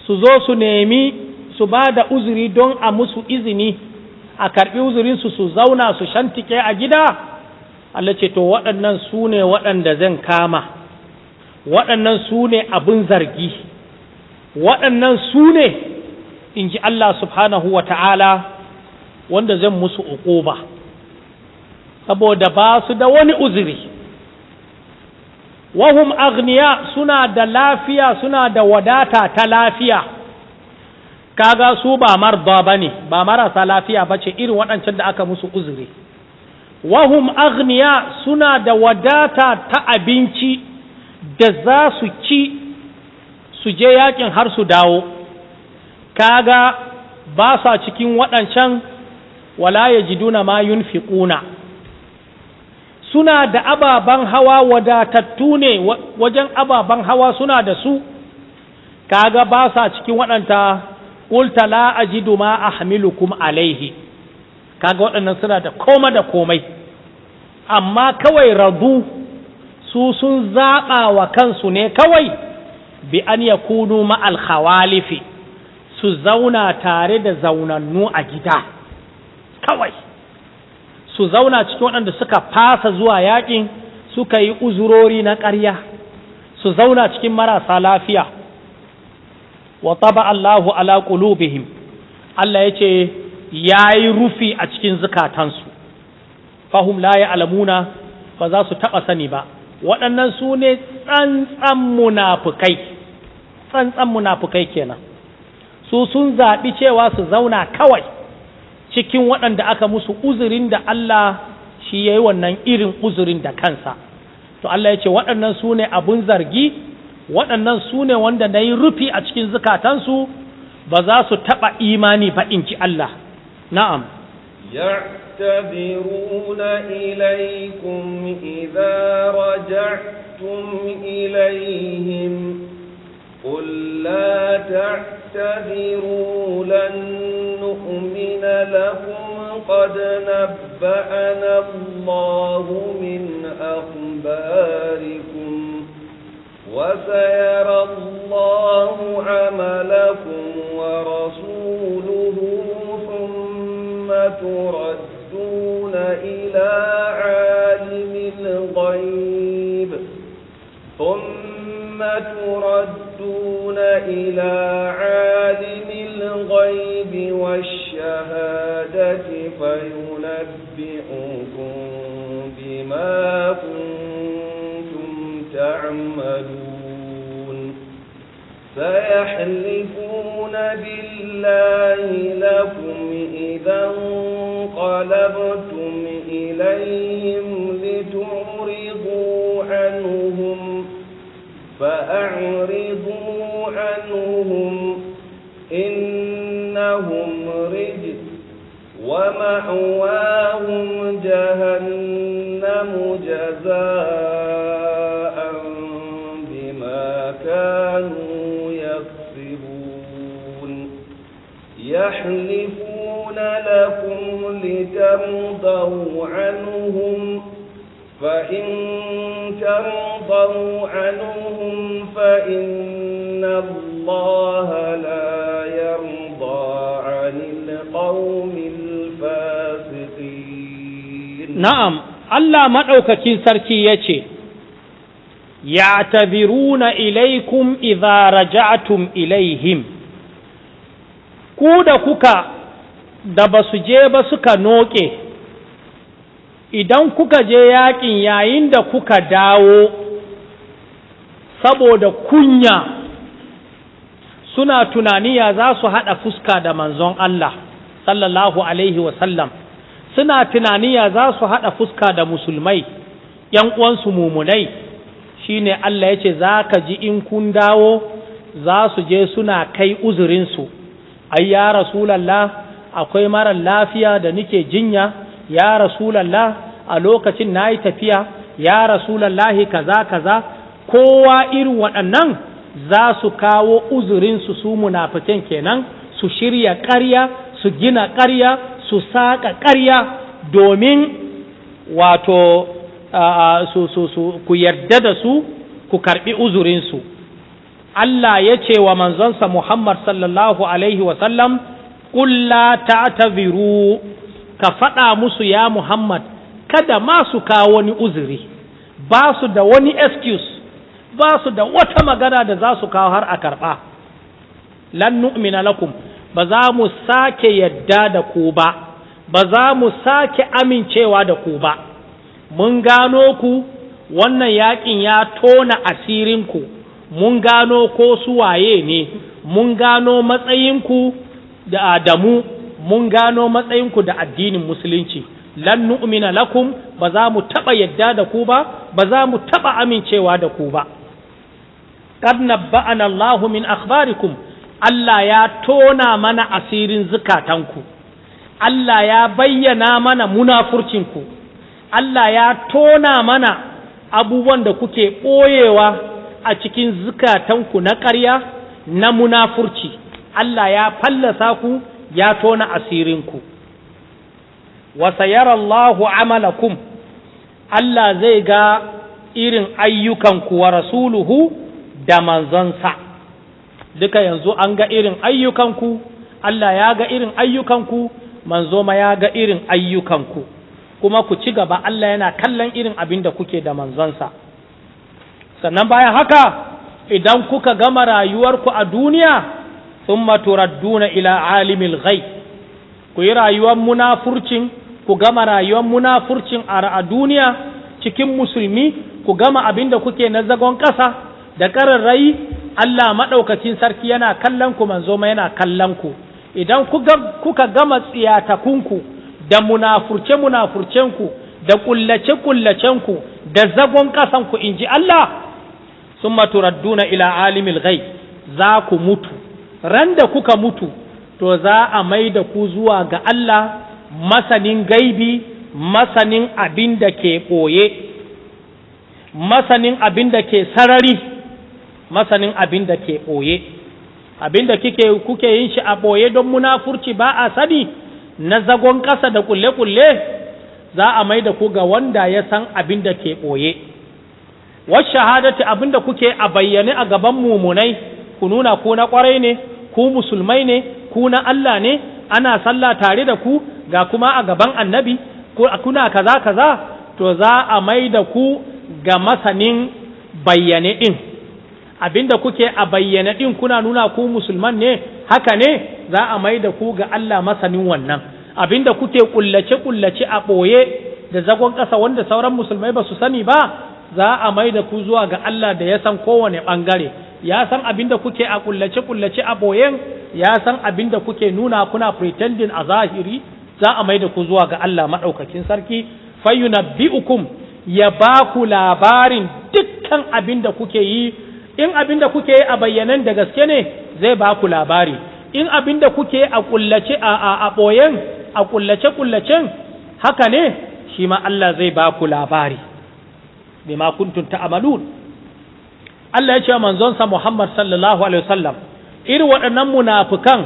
Speaker 1: su zo su nemi su ba da uzuri don a musu izini a karɓi uzurinsu su zauna su shantike a gida Allah ce to waɗannan su ne waɗanda zan kama waɗannan su ne abin zargi waɗannan su ne in ji Allah subhanahu wa ta'ala wanda zan musu uku ba saboda ba su da wani uzuri wahum agniya suna da lafiya suna da wadata ta lafiya kaga su ba marda bane ba marasa lafiya bace irin waɗancan da aka musu uzuri wahum agniya suna da wadata ta abinci da za su ci su je yakin har su dawo kaga ba sa cikin waɗancan wala yajiduna ma yunfiquna suna da ababen hawa wadatattu ne wajen ababen hawa suna da su kaga ba sa cikin waɗanta a la a hamilu kuma alaihi kaga waɗannan suna da koma da komai amma kawai radu su sun zaɓa wa kansu ne kawai bi an ya kunu ma'al su zauna tare da zaunannu a gida kawai su zauna cikin waɗanda suka fasa zuwa yaƙin suka yi uzurori na ƙarya su zauna cikin marasa lafiya wa taba Allahu ala qulubihim Allah yace yayi rufi a cikin zukatansu fahum la ya'lamuna ba za su taba sani ba waɗannan su ne tsantsan munafukai tsantsan munafukai kenan su sun zaɓi cewa su zauna kawai cikin waɗanda aka musu uzurin da Allah shi yayi wannan irin uzurin da kansa to Allah yace ce waɗannan su ne abun zargi waɗannan su ne wanda na yi rufi a cikin zukatansu ba za su taɓa imani ba in ji Allah na'am
Speaker 2: يعتذرون إليكم إذا رجعتم إليهم قل لا تعتذروا لن نؤمن لكم قد نبأنا الله من أخباركم وسيرى الله عملكم ورسوله ثم تردون إلى عالم الغيب ثم تردون إلى عالم الغيب والشهادة فينبئكم بما كنتم تعملون فيحلفون بالله لكم إذا انقلبتم إليهم لتعرضوا عنهم فأعرضوا عنهم إنهم رجل ومأواهم جهنم جزاء يحلفون لكم لترضوا عنهم فإن ترضوا عنهم فإن الله لا يرضى عن القوم الفاسقين
Speaker 1: نعم الله مدعوككين سركي يتي يعتذرون إليكم إذا رجعتم إليهم ku da kuka da ba su je ba suka noke idan kuka je yaƙin yayin da kuka dawo saboda kunya suna tunaniya za su haɗa fuska da manzon Allah sallallahu alaihi wasallam suna tunaniya za su haɗa fuska da musulmai ‘yan uwansu mumunai shine Allah ya ce za ka ji in kun dawo za su je suna kai uzurinsu. ai ya rasulallah akwai marar lafiya da nike jinya ya rasulallah a lokacin na yi tafiya ya rasulallahi kaza kaza kowa irin waɗannan za su kawo uzurinsu su munafikin kenan su shirya ƙarya su gina ƙarya su saƙa ƙarya domin wato su ku yarda da su ku karɓi uzurinsu Allah ya ce wa manzonsa Muhammad sallallahu Alaihi wasallam, Kulla ta tabiru, ka faɗa musu ya Muhammad, kada masu su kawo wani uzuri, ba su da wani excuse, ba su da wata magana da za su kawo har a karɓa. Lannu mina lakum, ba za mu sake yadda da ku ba, ba za mu sake amincewa da ku ba, mun gano ku, wannan yaƙin ya tona asirinku. ku. mun gano ko su waye ne mun gano matsayinku da adamu mun gano matsayinku da addinin musulunci lan nu'mina lakum ba za mu taɓa yadda da ku ba ba za mu taɓa amincewa da ku ba qad nabba'ana Allahu min akhbarikum Allah ya tona mana asirin zukatanku Allah ya bayyana mana munafurcinku Allah ya tona mana abubuwan da kuke ɓoyewa a cikin zukatanku na ƙarya na munafurci Allah ya fallasa ku ya tona asirinku wa amala amalakum Allah zai ga irin ayyukanku wa rasuluhu da manzansa duka yanzu an ga irin ayyukanku Allah ya ga irin ayyukanku manzo ma ya ga irin ayyukanku kuma ku ci gaba Allah yana kallon irin abin da kuke da manzansa sannan baya haka idan kuka gama rayuwarku a duniya thumma turadduna ila alimil ghaib ku yi rayuwar munafurcin ku gama rayuwar munafurcin a duniya cikin musulmi ku gama abin da kuke na zagon ƙasa da ƙararrayi Allah maɗaukacin sarki yana kallon ku manzo ma yana kallon ku idan kuka gama tsiyatakunku da munafurce munafurcenku da ƙullace ƙullacenku da zagon ƙasanku in ji Allah summa turadduna ila alimil ghaib za ku mutu ran da kuka mutu to za a mai da ku zuwa ga Allah masanin gaibi masanin abin da ke ɓoye masanin abin da ke sarari masanin abin da ke ɓoye abin da kike kuke yin shi a ɓoye don munafurci ba a sani na zagon ƙasa da ƙulle kulle za a mai da ku ga wanda ya san abin da ke ɓoye washahadati abinda kuke a bayyane a gaban mumunai ku nuna ku na kwarai ne ku musulmai ne ku na Allah ne ana sallah tare da ku ga kuma a gaban annabi kuna kaza kaza to za a mai da ku ga masanin bayyane din abinda kuke a bayyane din kuna nuna ku musulman ne haka ne za a mai da ku ga Allah masanin wannan abinda kuke kullace kullace a ɓoye da zagon ƙasa wanda sauran musulmai ba su sani ba za a mai da ku zuwa ga Allah da ya san kowane ɓangare ya san abin da kuke a kullace kullace a boyen ya san abin da kuke nuna kuna pretending a zahiri za a mai da ku zuwa ga Allah maɗaukakin sarki fayyunabbi'ukum ya ba ku labarin dukkan abin da kuke yi in abin da kuke yi a bayyanan da gaske ne zai ba ku labari in abin da kuke a kullace a a boyen a kullace kullacen haka ne shi ma Allah zai ba ku labari bima kuntum ta'malun Allah ya ce manzon sa Muhammad sallallahu alaihi wasallam irin waɗannan munafikan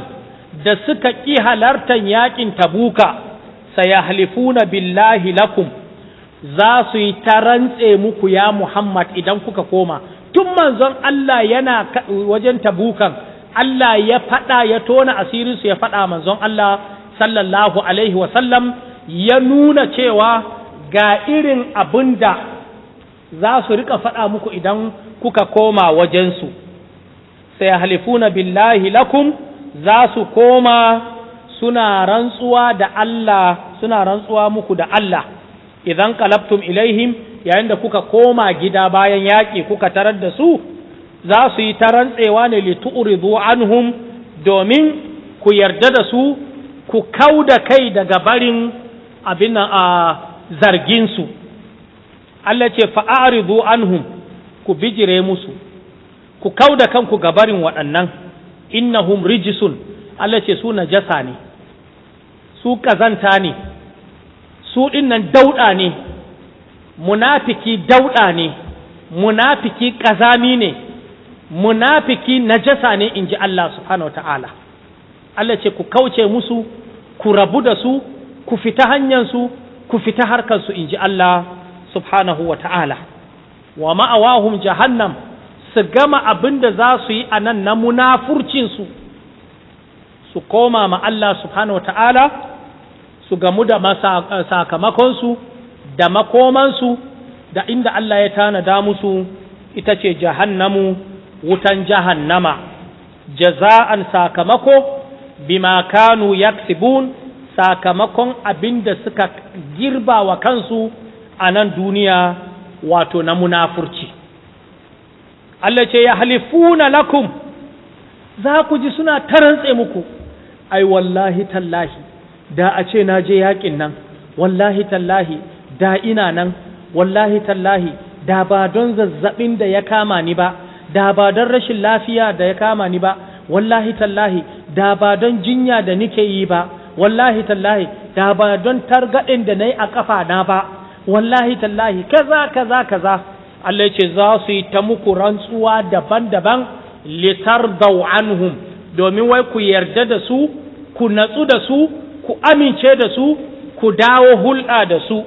Speaker 1: da suka ƙi halartan yakin tabuka sayahlifuna billahi lakum za su yi ta rantse muku ya Muhammad idan kuka koma tun manzon Allah yana wajen tabukan Allah ya faɗa ya tona asirinsu ya faɗa manzon Allah sallallahu alaihi wasallam ya nuna cewa ga irin abin da za su rika faɗa muku idan kuka koma wajensu sai halifuna billahi lakum za su koma suna rantsuwa da Allah suna rantsuwa muku da Allah idan kalabtum ilaihim yayin da kuka koma gida bayan yaƙi kuka tarar da su za su yi ta rantsewa ne li tu'ridu anhum domin ku yarda da su ku kauda kai daga barin abin a zargin su Allah ce fa'aridu anhum ku bijire musu ku kauda kanku ga barin waɗannan innahum rijisun Allah ce su najasa ne su ƙazanta ne su dinnan dauɗa ne munafiki dauɗa ne munafiki ƙazami ne munafiki najasa ne inji Allah subhanahu ta'ala Allah ce ku kauce musu ku rabu da su ku fita hanyar ku fita harkar su inji Allah subhanahu wa ta'ala wa ma'awahum jahannam su gama abin da za su yi a nan na munafurcinsu su koma ma Allah subhanahu wa ta'ala su gamu da eh, sakamakonsu da makomansu da inda Allah ya tanada musu ita ce jahannamu wutan jahannama jaza'an sakamako bima kanu yaksibun sakamakon abin da suka girba wa kansu a nan duniya wato na munafurci Allah ce ya halifuna lakum za ku ji suna tarantse muku ai wallahi tallahi da a ce na je yaƙin nan wallahi tallahi da ina nan wallahi tallahi da ba don zazzabin da ya kama ni ba da ba don rashin lafiya da ya kama ni ba wallahi tallahi da ba don jinya da nike yi ba wallahi tallahi da ba don targaɗin da na yi a ƙafa na ba wallahi tallahi kaza kaza kaza Allah ce za su yi ta muku rantsuwa daban-daban litar anhum domin wai ku yarda da su ku natsu da su ku amince da su ku dawo hulɗa da su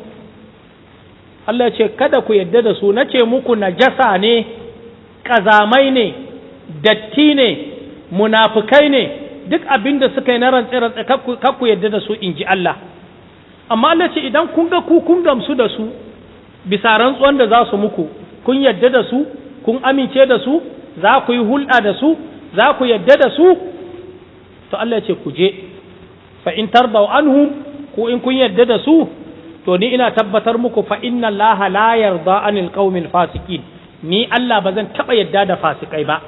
Speaker 1: Allah ce kada ku yarda da su na muku najasa ne ƙazamai ne datti ne munafukai ne duk abin da suka yi na rantsi-rantsi ku yarda da su in ji Allah amma Allah ce idan kun ga ku kun gamsu da su bisa rantsuwan da za su muku kun yadda da su kun amince da su za ku yi hulɗa da su za ku yadda da su to Allah ce ku je fa in tardau anhum ko in kun yadda da su to ni ina tabbatar muku fa inna Allah la yarda anil qaumil fasiqin ni Allah ba zan taba yadda da fasikai ba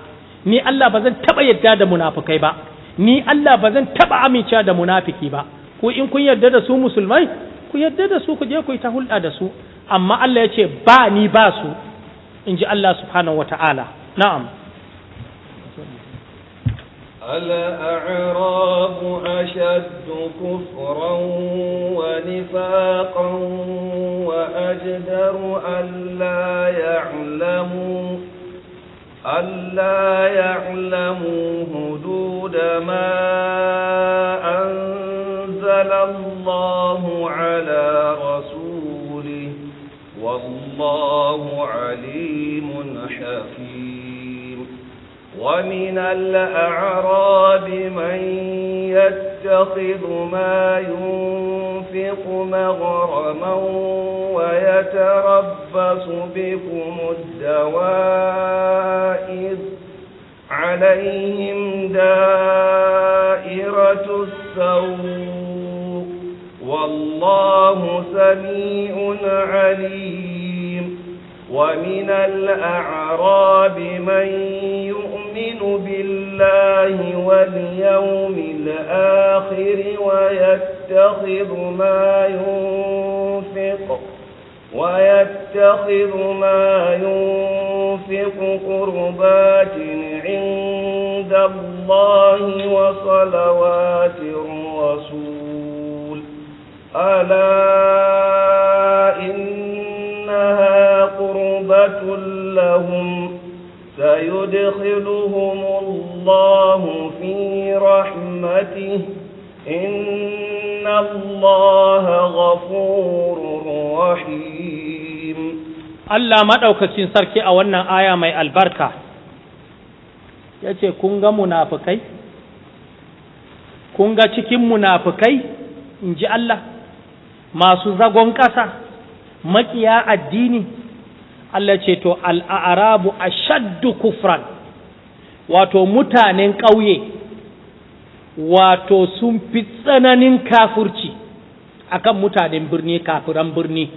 Speaker 1: ni Allah ba zan taba yadda da munafikai ba ni Allah ba zan taba amincewa da munafiki ba ku in kun yarda da su musulmai ku yarda da su ku je ku yi ta hulɗa da su amma Allah ya ce ba ni ba su in ji Allah subhanahu wa ta'ala na'am
Speaker 2: الأعراب أشد كفرا ونفاقا وأجدر ألا يعلموا ألا يعلموا حدود ما أن أنزل الله على رسوله والله عليم حكيم ومن الأعراب من يتخذ ما ينفق مغرما ويتربص بكم الدوائر عليهم دائرة السوء والله سميع عليم ومن الأعراب من يؤمن بالله واليوم الآخر ويتخذ ما ينفق ويتخذ ما ينفق قربات عند الله وصلوات الرسول ألا إنها قربة لهم سيدخلهم الله في رحمته إن الله غفور رحيم
Speaker 1: Allah maɗaukacin sarki a wannan aya mai albarka ya ce kun ga munafukai kun ga cikin munafukai in ji Allah masu zagon ƙasa maƙiya addini Allah ce to al'arabu a shaddu kufran wato mutanen ƙauye wato sun fi tsananin kafurci akan mutanen birni kafiran birni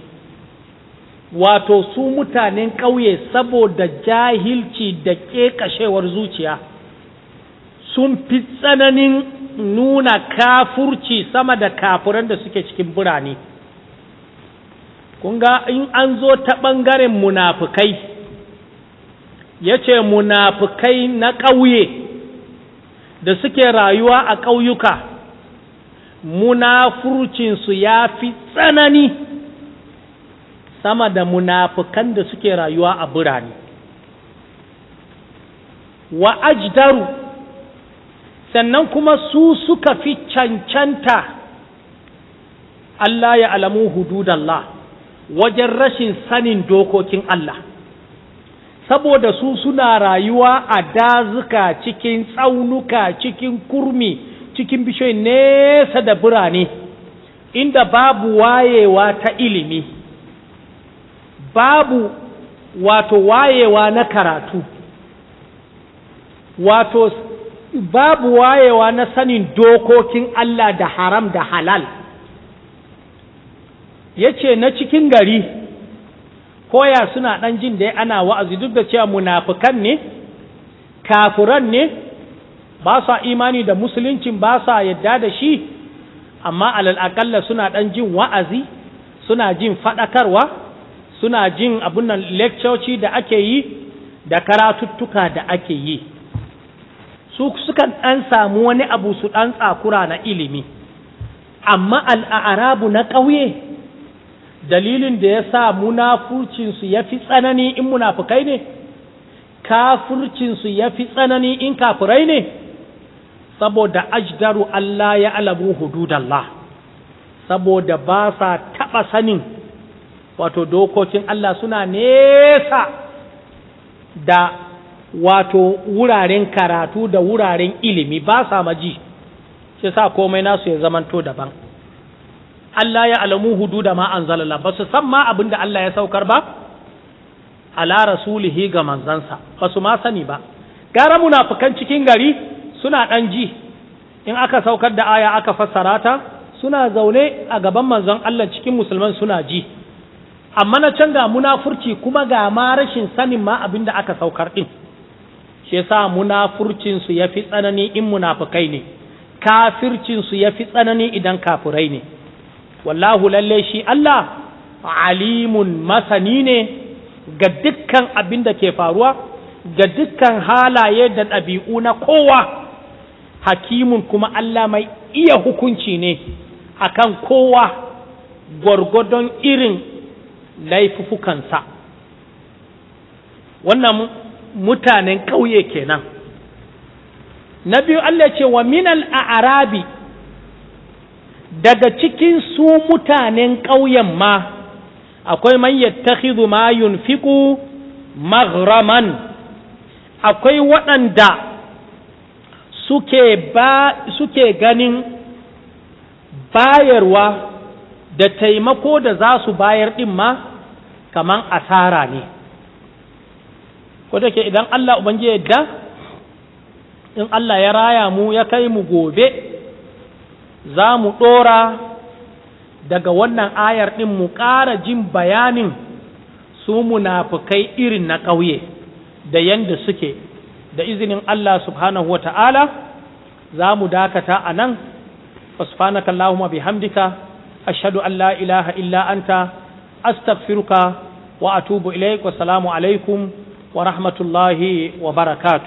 Speaker 1: wato su mutanen ƙauye saboda jahilci da ƙeƙashewar zuciya sun fi tsananin nuna kafurci sama da kafuran da suke cikin birane kunga in an zo ta ɓangaren munafukai ya ce munafukai na ƙauye da suke rayuwa a ƙauyuka munafurcinsu ya fi tsanani sama da munafukan da suke rayuwa a birane wa ajdaru sannan kuma su suka fi cancanta Allah ya alamu hududallah wajen rashin sanin dokokin Allah saboda su suna rayuwa a dazuka cikin tsaunuka cikin kurmi cikin bishiyoyi nesa da birane inda babu wayewa ta ilimi babu wato wayewa na karatu wato babu wayewa na sanin dokokin Allah da haram da halal yace na cikin gari koya suna ɗan jin da ana wa'azi duk da cewa munafukan ne kafuran ne ba sa imani da musuluncin ba sa yadda da shi amma alal suna ɗan jin wa'azi suna jin faɗakarwa suna jin abun nan leccoci da ake yi da karatuttuka da ake yi su sukan ɗan samu wani abu su ɗan tsakura na ilimi amma al'arabu na ƙauye dalilin da ya sa munafurcinsu ya fi tsanani in munafukai ne kafurcinsu ya fi tsanani in kafurai ne saboda ajdaru Allah ya alamu hududallah saboda ba sa taɓa sanin wato dokokin Allah suna nesa da wato wuraren karatu da wuraren ilimi ba sa maji shi sa komai nasu ya zamanto daban Allah ya alamu hudu da ma anzalala ba su san ma abin da Allah ya saukar ba ala rasulihi ga manzansa ba su ma sani ba gara munafukan cikin gari suna ɗan ji in aka saukar da aya aka fassara ta suna zaune a gaban manzon Allah cikin musulman suna ji amma na can ga munafurci kuma ga ma rashin sanin ma abin da aka saukar ɗin shi yasa munafurcinsu ya fi tsanani in munafukai ne kafircinsu ya fi tsanani idan kafurai ne wallahu lalle shi Allah alimun masani ne ga dukkan abin da ke faruwa ga dukkan halaye da ɗabi'u na kowa hakimun kuma Allah mai iya hukunci ne akan kowa gwargwadon irin laifufukansa wannan mutanen ƙauye kenan na biyu Allah ce wa minal a'arabi daga cikin su mutanen ƙauyen ma akwai man yattakhidhu ma yunfiqu maghraman akwai waɗanda suke ganin bayarwa da taimako da za su bayar ɗin ma kaman asara ne ko idan Allah ubangiji yadda in Allah ya raya mu ya kai mu gobe za mu ɗora daga wannan ayar ɗin mu ƙara jin bayanin su munafukai irin na ƙauye da yanda suke da izinin Allah subhanahu wa ta'ala za mu dakata a nan, wasu subhanaka Allahumma bihamdika ashhadu an la ilaha illa anta astaghfiruka wa atubu ilai wa alaikum wa rahmatullahi wa barakatu.